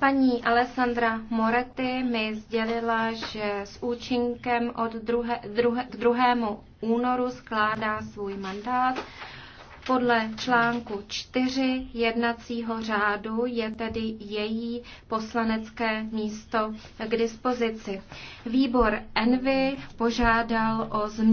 Paní Alessandra Moretti mi sdělila, že s účinkem od druhé, k 2. únoru skládá svůj mandát. Podle článku 4 jednacího řádu je tedy její poslanecké místo k dispozici. Výbor Envy požádal o změnu.